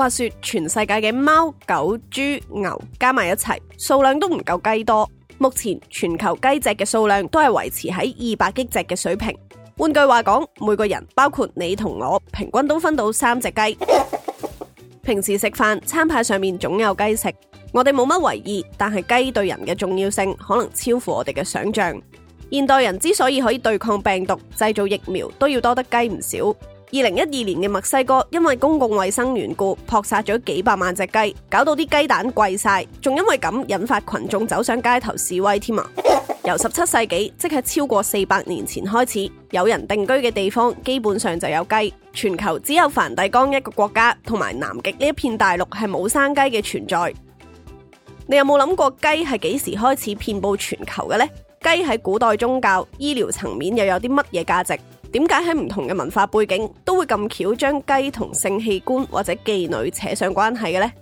話說全世界嘅貓、狗、豬、牛加埋一齊，數量都唔夠雞多。目前全球雞隻嘅數量都係維持喺二百億隻嘅水平。換句話講，每個人包括你同我，平均都分到三隻雞。 平時食飯，餐牌上面總有雞食。我哋冇乜為意，但係雞對人嘅重要性可能超乎我哋嘅想象。現代人之所以可以對抗病毒、製造疫苗，都要多得雞唔少。二零一二年嘅墨西哥，因為公共衛生緣故，撲殺咗幾百萬隻雞，搞到啲雞蛋貴晒，仲因為咁引發群眾走上街頭示威添啊！由十七世紀，即係超過四百年前開始，有人定居嘅地方，基本上就有雞。全球只有梵蒂岡一個國家，同埋南極呢一片大陸係冇生雞嘅存在。你有冇諗過雞係幾時開始遍布全球嘅呢？雞喺古代宗教、醫療層面又有啲乜嘢價值？點解喺唔同嘅文化背景都會咁巧將雞同性器官或者妓女扯上關係嘅呢？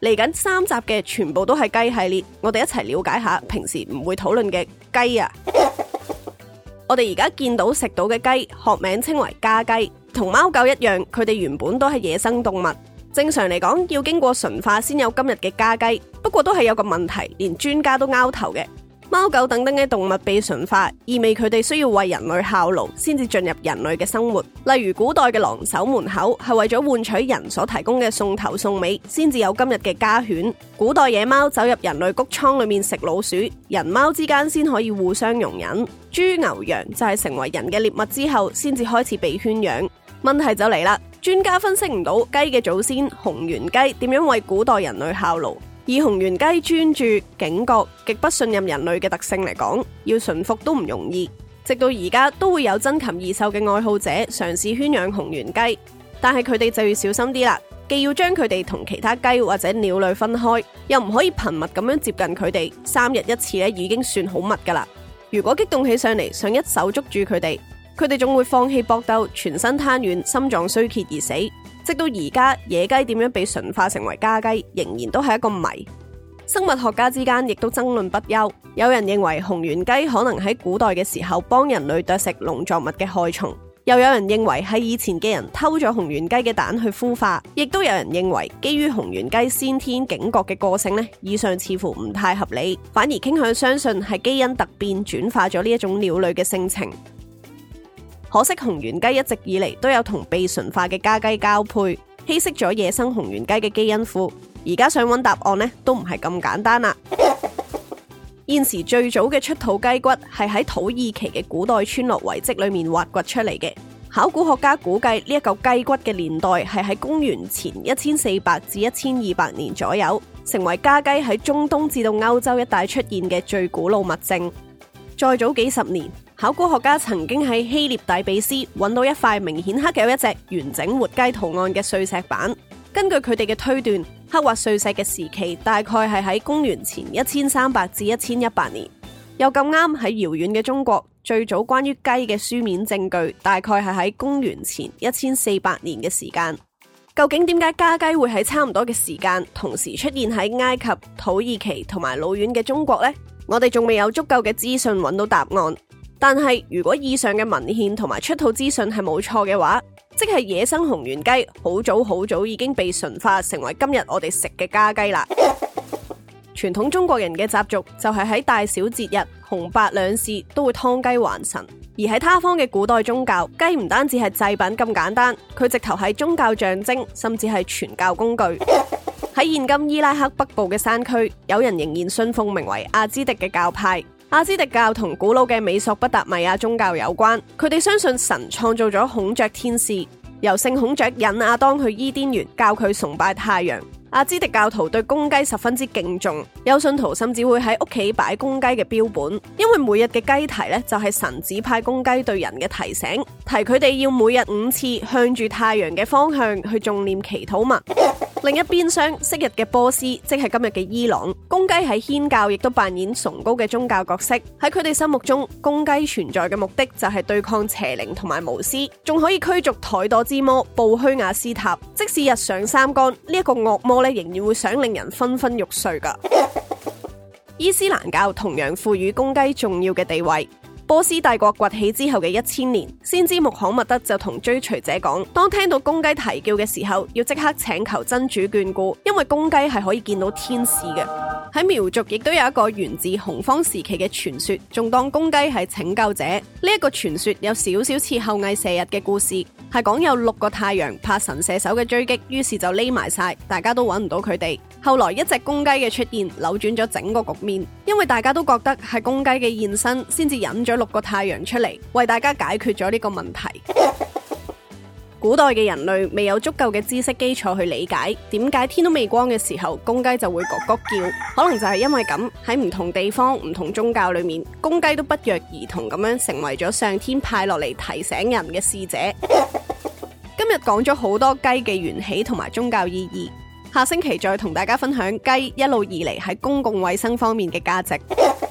嚟緊三集嘅全部都係雞系列，我哋一齊了解下平時唔會討論嘅雞啊！ 我哋而家見到食到嘅雞學名稱為家雞，同貓狗一樣，佢哋原本都係野生動物。正常嚟講要經過馴化先有今日嘅家雞，不過都係有個問題，連專家都拗頭嘅。貓狗等等嘅動物被馴化，意味佢哋需要為人類效勞，先至進入人類嘅生活。例如古代嘅狼守門口，係為咗換取人所提供嘅餸頭餸尾，先至有今日嘅家犬。古代野貓走入人類谷倉裏面食老鼠，人貓之間先可以互相容忍。豬牛羊就係成為人嘅獵物之後，先至開始被圈養。問題就嚟啦，專家分析唔到雞嘅祖先紅原雞點樣為古代人類效勞。以紅原雞專注、警覺、極不信任人類嘅特性嚟講，要馴服都唔容易。直到而家都會有珍禽異獸嘅愛好者嘗試圈養紅原雞，但係佢哋就要小心啲啦，既要將佢哋同其他雞或者鳥類分開，又唔可以頻密咁樣接近佢哋。三日一次咧已經算好密噶啦，如果激動起上嚟，想一手捉住佢哋，佢哋仲會放棄搏鬥，全身癱軟、心臟衰竭而死。直到而家，野雞點樣被馴化成為家雞，仍然都係一個謎。生物學家之間亦都爭論不休。有人認為紅原雞可能喺古代嘅時候幫人類啄食農作物嘅害蟲，又有人認為喺以前嘅人偷咗紅原雞嘅蛋去孵化，亦都有人認為基於紅原雞先天警覺嘅個性呢，以上似乎唔太合理，反而傾向相信係基因突變轉化咗呢一種鳥類嘅性情。可惜紅原雞一直以嚟都有同被馴化嘅家雞交配，稀釋咗野生紅原雞嘅基因庫。而家想揾答案呢，都唔係咁簡單啦。 現時最早嘅出土雞骨係喺土耳其嘅古代村落遺跡裏面挖掘出嚟嘅。考古學家估計呢一嚿雞骨嘅年代係喺公元前一千四百至一千二百年左右，成為家雞喺中東至到歐洲一帶出現嘅最古老物證。再早幾十年。考古學家曾經喺希臘底比斯揾到一塊明顯刻有一隻完整活雞圖案嘅碎石板。根據佢哋嘅推斷，刻畫碎石嘅時期大概係喺公元前一千三百至一千一百年。又咁啱喺遙遠嘅中國最早關於雞嘅書面證據大概係喺公元前一千四百年嘅時間。究竟點解家雞會喺差唔多嘅時間同時出現喺埃及、土耳其同埋老遠嘅中國呢？我哋仲未有足夠嘅資訊揾到答案。但係，如果以上嘅文獻同埋出土資訊係冇錯嘅話，即係野生紅原雞好早好早已經被馴化成為今日我哋食嘅家雞啦。 傳統中國人嘅習俗就係、是、喺大小節日、紅白兩事都會劏雞還神。而喺他方嘅古代宗教，雞唔單止係祭品咁簡單，佢直頭係宗教象徵，甚至係傳教工具。喺 現今伊拉克北部嘅山區，有人仍然信奉名為阿茲迪嘅教派。亞茲迪教同古老嘅美索不達米亞宗教有關，佢哋相信神創造咗孔雀天使，由聖孔雀引亞當去伊甸園，教佢崇拜太陽。阿茲迪教徒對公雞十分之敬重，有信徒甚至會喺屋企擺公雞嘅標本，因為每日嘅雞啼咧就係神指派公雞對人嘅提醒，提佢哋要每日五次向住太陽嘅方向去誦念祈禱文。 另一邊廂，昔日嘅波斯即係今日嘅伊朗，公雞喺祆教亦都扮演崇高嘅宗教角色。喺佢哋心目中，公雞存在嘅目的就係對抗邪靈同埋巫師，仲可以驅逐怠惰之魔布虛亞斯塔。即使日上三竿，呢、這、一個惡魔。仍然會想令人昏昏欲睡噶。 伊斯蘭教同樣賦予公雞重要嘅地位。波斯帝國崛起之後嘅一千年，先知穆罕默德就同追隨者講：當聽到公雞啼叫嘅時候，要即刻請求真主眷顧，因為公雞係可以見到天使嘅。喺苗族亦都有一個源自洪荒時期嘅傳說，仲當公雞係拯救者。呢一個傳說有少少似后羿射日嘅故事，係講有六個太陽怕神射手嘅追擊，於是就匿埋晒，大家都揾唔到佢哋。後來一隻公雞嘅出現，扭轉咗整個局面，因為大家都覺得係公雞嘅現身，先至引咗六個太陽出嚟，為大家解決咗呢個問題。古代嘅人類未有足夠嘅知識基礎去理解點解天都未光嘅時候公雞就會咕咕叫，可能就係因為咁，喺唔同地方唔同宗教裏面，公雞都不約而同咁樣成為咗上天派落嚟提醒人嘅使者。 今日講咗好多雞嘅緣起同埋宗教意義，下星期再同大家分享雞一路以嚟喺公共衛生方面嘅價值。